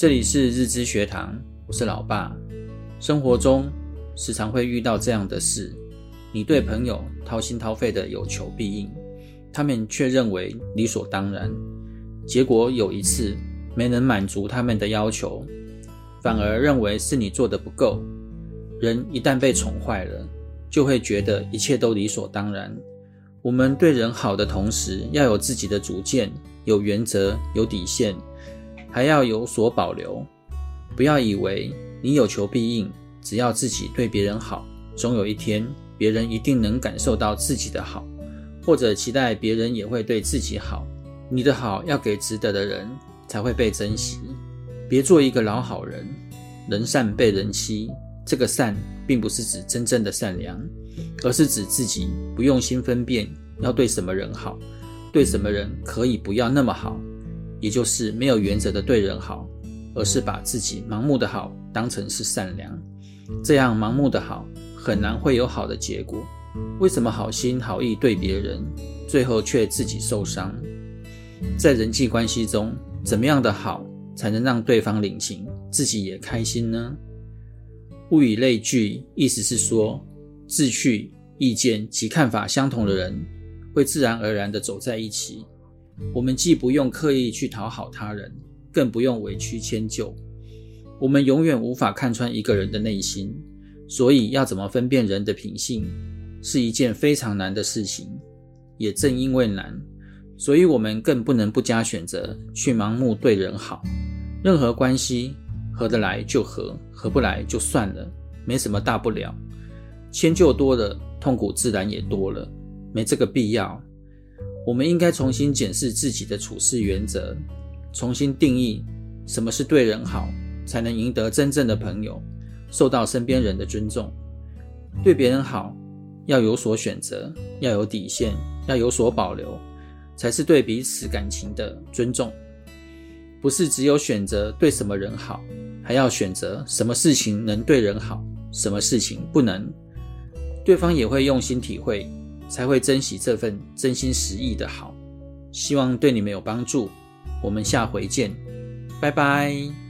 這裡是日之學堂，我是老爸。生活中時常會遇到這樣的事：你對朋友掏心掏肺的有求必應，他們卻認為理所當然。結果有一次沒能滿足他們的要求，反而認為是你做得不夠。人一旦被寵壞了，就會覺得一切都理所當然。我們對人好的同時，要有自己的主見，有原則，有底線。還要有所保留。不要以為你有求必應，只要自己對別人好，總有一天別人一定能感受到自己的好，或者期待別人也會對自己好。你的好要給值得的人，才會被珍惜。別做一個老好人，人善被人欺。這個善並不是指真正的善良，而是指自己不用心分辨，要對什麼人好，對什麼人可以不要那麼好。也就是沒有原則的對人好，而是把自己盲目的好當成是善良，這樣盲目的好很難會有好的結果。為什麼好心好意對別人，最後卻自己受傷？在人際關係中，怎麼樣的好才能讓對方領情，自己也開心呢？物以類聚，意思是說，志趣、意見及看法相同的人，會自然而然的走在一起。我們既不用刻意去討好他人，更不用委屈遷就。我們永遠無法看穿一個人的內心，所以要怎麼分辨人的品性，是一件非常難的事情。也正因為難，所以我們更不能不加選擇去盲目對人好。任何關係，合得來就合，合不來就算了，沒什麼大不了。遷就多了，痛苦自然也多了，沒這個必要。我們應該重新檢視自己的處事原則，重新定義什麼是對人好，才能贏得真正的朋友，受到身邊人的尊重。對別人好要有所選擇，要有底線，要有所保留，才是對彼此感情的尊重。不是只有選擇對什麼人好，還要選擇什麼事情能對人好，什麼事情不能。對方也會用心體會。才會珍惜這份真心實意的好，希望對你們有幫助。我們下回見，拜拜。